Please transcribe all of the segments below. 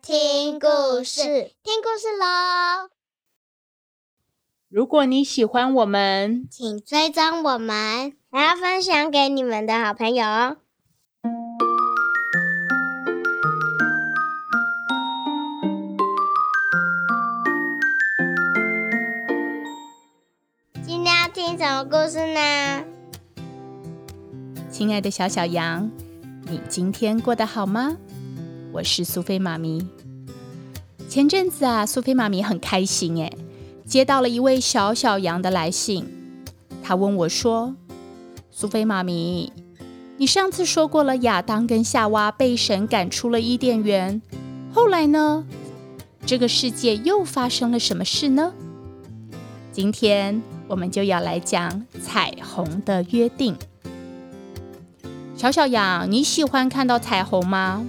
聽故事，聽故事嘍！如果你喜歡我們，請追蹤我們，還要分享給你們的好朋友。今天要聽什麼故事呢？親愛的小小羊，你今天過得好嗎？我是蘇菲媽咪。前陣子啊，蘇菲媽咪很開心耶，接到了一位小小羊的來信。他問我說：“蘇菲媽咪，你上次說過了亞當跟夏娃被神趕出了伊甸園，後來呢？這個世界又發生了什麼事呢？”今天我們就要來講彩虹的約定。小小羊，你喜歡看到彩虹嗎？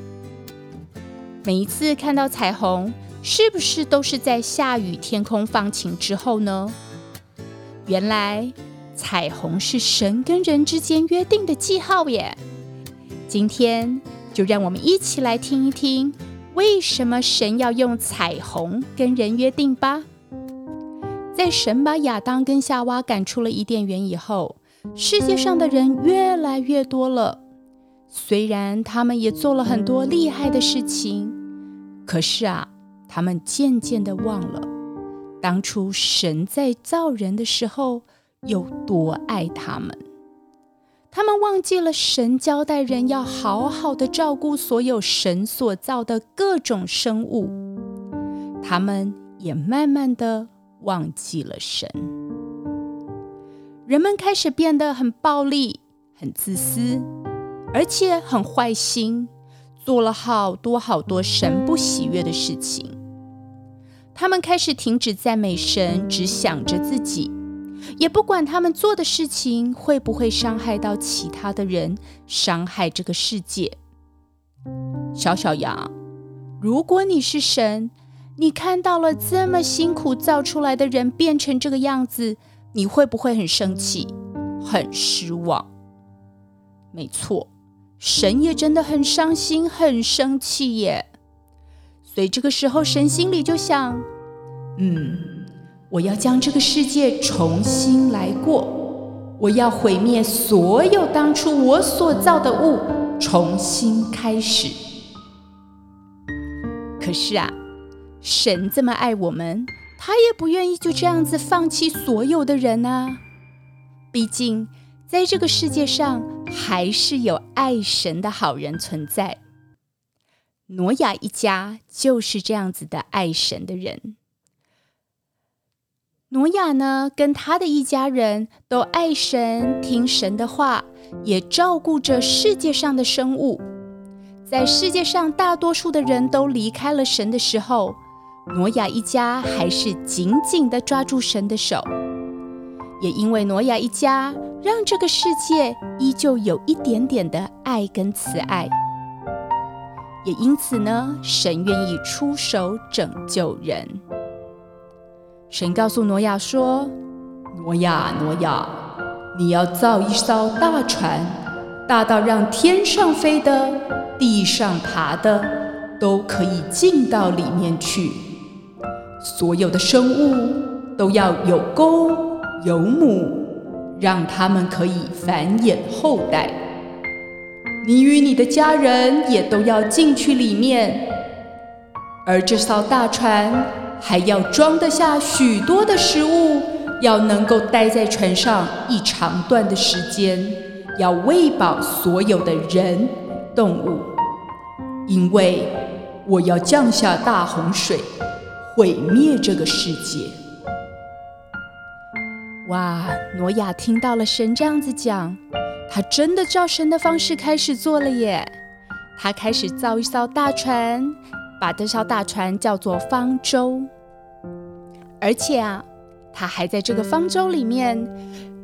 每一次看到彩虹，是不是都是在下雨、天空放晴之後呢？原來彩虹是神跟人之間約定的記號耶。今天就讓我們一起來聽一聽，為什麼神要用彩虹跟人約定吧。在神把亞當跟夏娃趕出了伊甸園以後，世界上的人越來越多了。雖然他們也做了很多厲害的事情，可是啊，他們漸漸的忘了當初神在造人的時候有多愛他們。他們忘記了神交代人要好好的照顧所有神所造的各種生物。他們也慢慢的忘記了神。人們開始變得很暴力、很自私。而且很壞心，做了好多好多神不喜悅的事情。他們開始停止讚美神，只想着自己，也不管他們做的事情會不會傷害到其他的人，傷害這個世界。小小羊，如果你是神，你看到了這麼辛苦造出來的人變成這個樣子，你會不會很生氣、很失望？沒錯。神也真的很傷心、很生氣耶，所以這個時候，神心裡就想：“嗯，我要將這個世界重新來過，我要毀滅所有當初我所造的物，重新開始。”可是啊，神這麼愛我們，他也不願意就這樣子放棄所有的人啊，畢竟在這個世界上。還是有愛神的好人存在。挪亞一家就是這樣子的愛神的人。挪亞呢，跟他的一家人都愛神，聽神的話，也照顧着世界上的生物。在世界上大多數的人都離開了神的時候，挪亞一家還是緊緊地抓住神的手。也因為挪亞一家，讓這個世界依舊有一點點的愛跟慈愛，也因此呢，神願意出手拯救人。神告訴挪亞說：“挪亞，挪亞，你要造一艘大船，大到讓天上飛的、地上爬的都可以進到裡面去，所有的生物都要有公有母。”讓他們可以繁衍後代。你與你的家人也都要進去裡面。而這艘大船還要裝得下許多的食物，要能夠待在船上一長段的時間，要餵飽所有的人、動物，因為我要降下大洪水，毀滅這個世界。哇，挪亞聽到了神這樣子講，他真的照神的方式開始做了耶。他開始造一艘大船，把這艘大船叫做方舟。而且啊，他還在這個方舟裡面，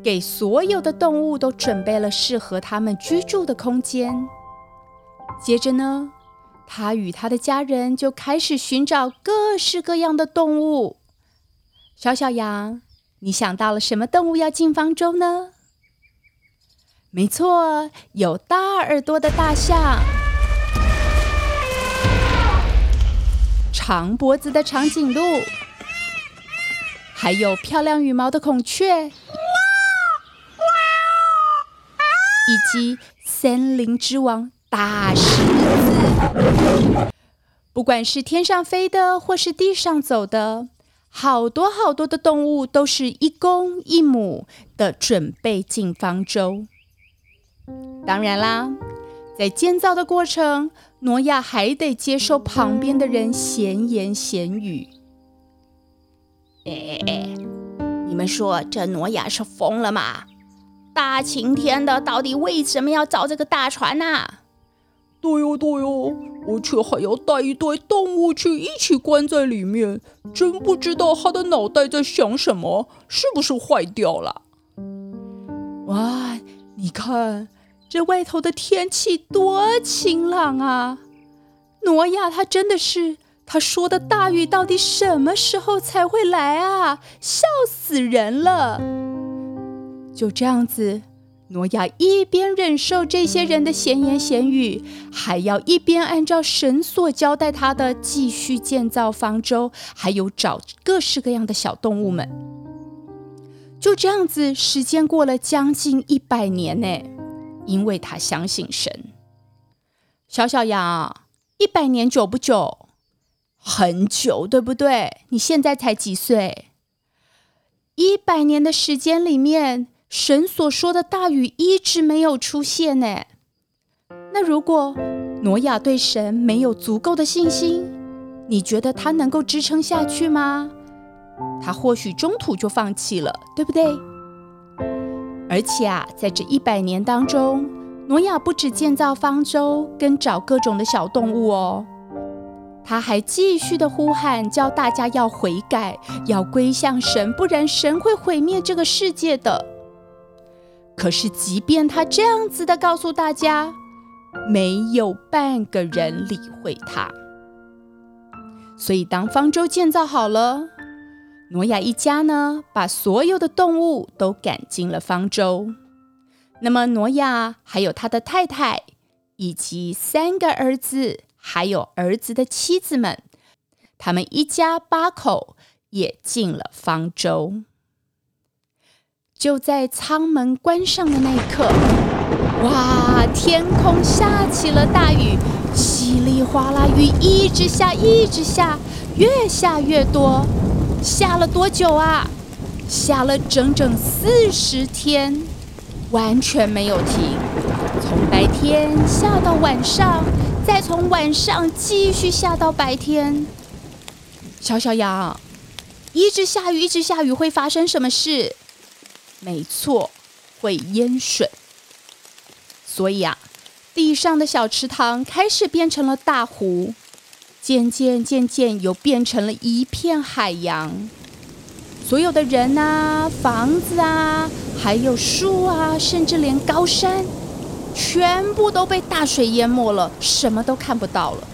給所有的動物都準備了適合他們居住的空間。接着呢，他與他的家人就開始尋找各式各樣的動物。小小羊。你想到了什麼動物要進方舟呢？沒錯，有大耳朵的大象，長脖子的長頸鹿，還有漂亮羽毛的孔雀，哇哇啊、以及森林之王大獅子。不管是天上飛的，或是地上走的，好多好多的動物都是一公一母的準備進方舟。當然啦，在建造的過程，挪亞還得接受旁邊的人閒言閒語。哎，你們說這挪亞是瘋了嗎？大晴天的，到底為什麼要造這個大船呢啊？對喲對喲，而且還要帶一堆動物去一起關在裡面，真不知道他的腦袋在想什麼，是不是壞掉了？哇，你看這外頭的天氣多晴朗啊！挪亞他真的是，他說的大雨到底什麼時候才會來啊？笑死人了！就這樣子。挪亞一邊忍受這些人的閒言閒語，還要一邊按照神所交代他的繼續建造方舟，還有找各式各樣的小動物們。就這樣子，時間過了將近一百年呢，因為他相信神。小小羊，一百年久不久？很久，對不對？你現在才幾歲？一百年的時間裡面。神所說的大雨一直沒有出現呢。那如果挪亞對神沒有足夠的信心，你覺得他能夠支撐下去嗎？他或許中途就放棄了，對不對？而且啊，在這一百年當中，挪亞不止建造方舟跟找各種的小動物哦，他還繼續的呼喊，叫大家要悔改，要歸向神，不然神會毀滅這個世界的。可是，即便他這樣子的告訴大家，沒有半個人理會他。所以，當方舟建造好了，挪亞一家呢，把所有的動物都趕進了方舟。那麼，挪亞還有他的太太，以及三個兒子，還有兒子的妻子們，他們一家八口也進了方舟。就在艙門關上的那一刻，哇！天空下起了大雨，稀里嘩啦，雨一直下，一直下，越下越多。下了多久啊？下了整整四十天，完全沒有停。從白天下到晚上，再從晚上繼續下到白天。小小羊，一直下雨，一直下雨，會發生什麼事？沒錯，會淹水。所以啊，地上的小池塘開始變成了大湖，漸漸漸漸又變成了一片海洋。所有的人啊、房子啊、還有樹啊，甚至連高山，全部都被大水淹沒了，什麼都看不到了。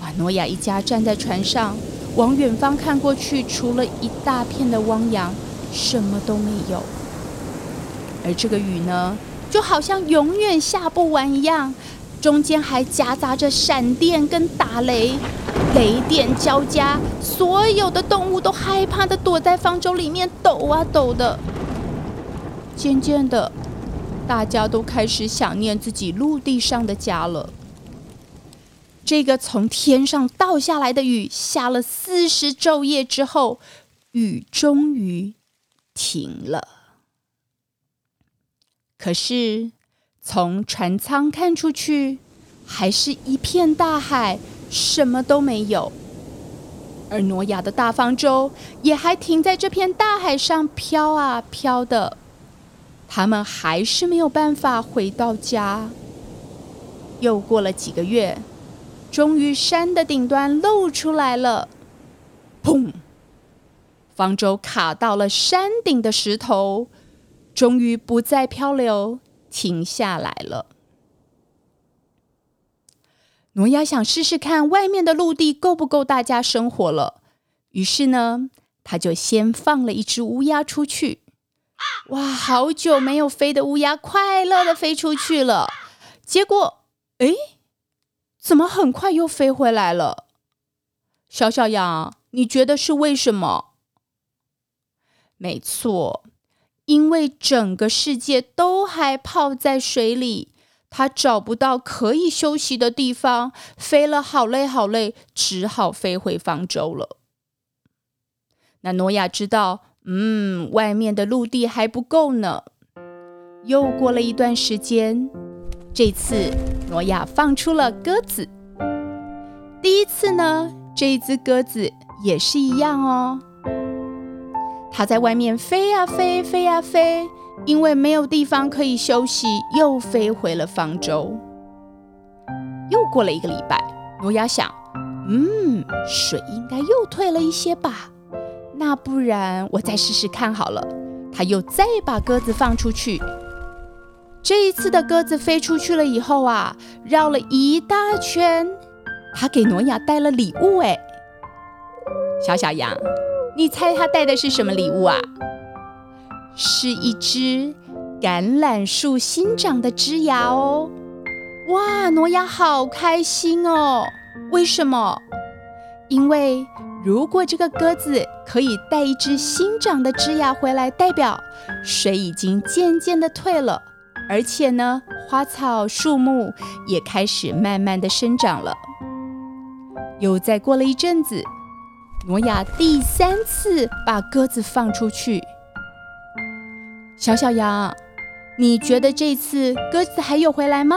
哇，挪亞一家站在船上，往遠方看過去，除了一大片的汪洋。什麼都沒有，而這個雨呢，就好像永遠下不完一樣，中間還夾雜着閃電跟打雷，雷電交加，所有的動物都害怕的躲在方舟裡面抖啊抖的。漸漸的，大家都開始想念自己陸地上的家了。這個從天上倒下來的雨，下了四十晝夜之後，雨終於。停了。可是從船艙看出去，還是一片大海，什麼都沒有。而挪亞的大方舟也還停在這片大海上飄啊飄的，他們還是沒有辦法回到家。又過了幾個月，終於山的頂端露出來了。砰！方舟卡到了山頂的石頭，終於不再漂流，停下來了。挪亞想試試看外面的陸地夠不夠大家生活了，於是呢，他就先放了一隻烏鴉出去。哇，好久沒有飛的烏鴉，快樂地飛出去了。結果，哎，怎麼很快又飛回來了？小小羊，你覺得是為什麼？沒錯，因為整個世界都還泡在水裡，他找不到可以休息的地方，飛了好累好累，只好飛回方舟了。那諾亞知道，嗯，外面的陸地還不夠呢。又過了一段時間，這次諾亞放出了鴿子。第一次呢，這隻鴿子也是一樣哦。他在外面飛呀飛，飛呀飛，因為沒有地方可以休息，又飛回了方舟。又過了一個禮拜，挪亞想，嗯，水應該又退了一些吧？那不然我再試試看好了。他又再把鴿子放出去。這一次的鴿子飛出去了以後啊，繞了一大圈，還給挪亞帶了禮物哎，小小羊。你猜他帶的是什麼禮物啊？是一隻橄欖樹新長的枝芽哦！哇，挪亞好開心哦！為什麼？因為如果這個鴿子可以帶一隻新長的枝芽回來，代表水已經漸漸的退了，而且呢，花草樹木也開始慢慢的生長了。又再過了一陣子。挪亞第三次把鴿子放出去，小小羊，你覺得這次鴿子還有回來嗎？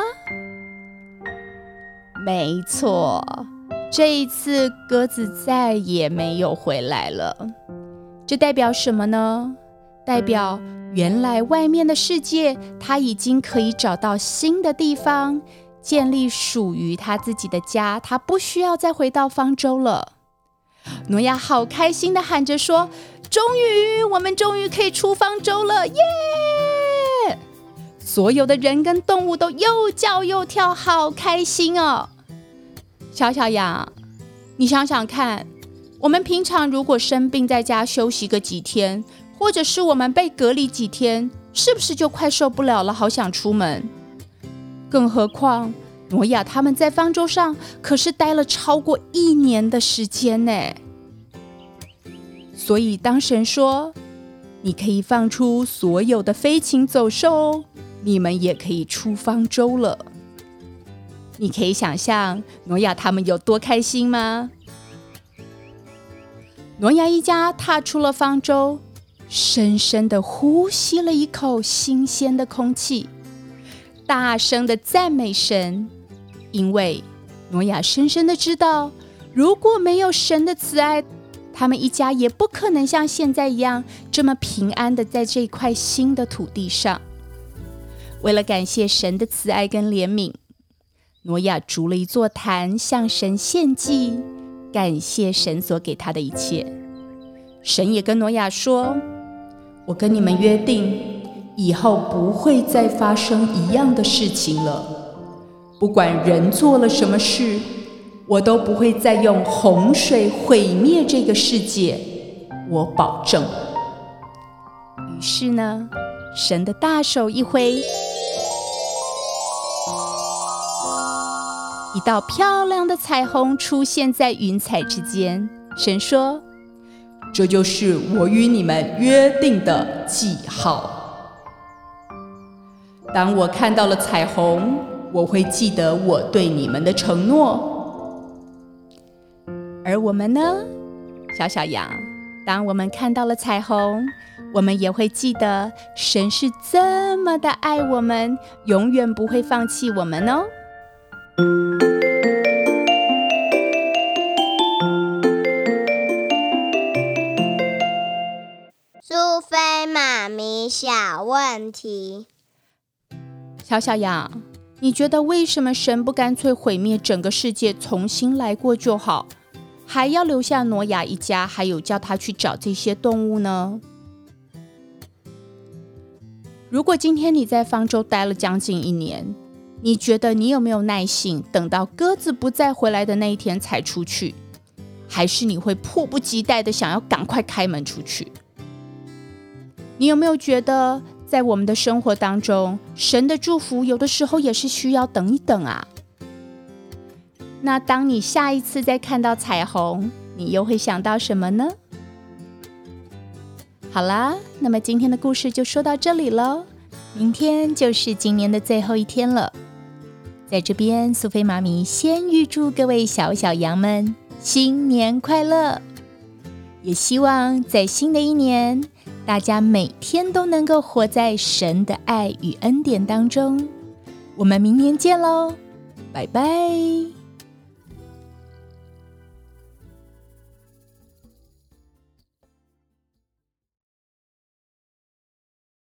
沒錯，這一次鴿子再也沒有回來了。這代表什麼呢？代表原來外面的世界，它已經可以找到新的地方，建立屬於它自己的家，它不需要再回到方舟了。挪亞好開心地喊着說：“終於，我們終於可以出方舟了，耶！”所有的人跟動物都又叫又跳，好開心哦。小小羊，你想想看，我們平常如果生病在家休息個幾天，或者是我們被隔離幾天，是不是就快受不了了？好想出門，更何況……挪亞他們在方舟上可是待了超過一年的時間呢，所以當神說你可以放出所有的飛禽走獸哦，你們也可以出方舟了。你可以想象挪亞他們有多開心嗎？挪亞一家踏出了方舟，深深的呼吸了一口新鮮的空氣，大聲的讚美神。因為挪亞深深的知道，如果沒有神的慈愛，他們一家也不可能像現在一樣這麼平安的在這塊新的土地上。為了感謝神的慈愛跟憐憫，挪亞築了一座壇向神獻祭，感謝神所給他的一切。神也跟挪亞說：“我跟你們約定，以後不會再發生一樣的事情了。”不管人做了什麼事，我都不會再用洪水毀滅這個世界，我保證。於是呢，神的大手一揮，一道漂亮的彩虹出現在雲彩之間。神說：“這就是我與你們約定的記號。”當我看到了彩虹。我會記得我對你們的承諾，而我們呢，小小羊？當我們看到了彩虹，我們也會記得神是這麼的愛我們，永遠不會放棄我們哦。蘇菲媽咪小問題，小小羊。你覺得為什麼神不乾脆毀滅整個世界，重新來過就好，還要留下挪亞一家，還有叫他去找這些動物呢？如果今天你在方舟待了將近一年，你覺得你有沒有耐心等到鴿子不再回來的那一天才出去，還是你會迫不及待的想要趕快開門出去？你有沒有覺得？在我們的生活當中，神的祝福有的時候也是需要等一等啊。那當你下一次再看到彩虹，你又會想到什麼呢？好啦，那麼今天的故事就說到這裡嘍。明天就是今年的最後一天了，在這邊，蘇菲媽咪先預祝各位小小羊們新年快樂，也希望在新的一年。大家每天都能夠活在神的愛與恩典當中。我們明年見嘍，拜拜。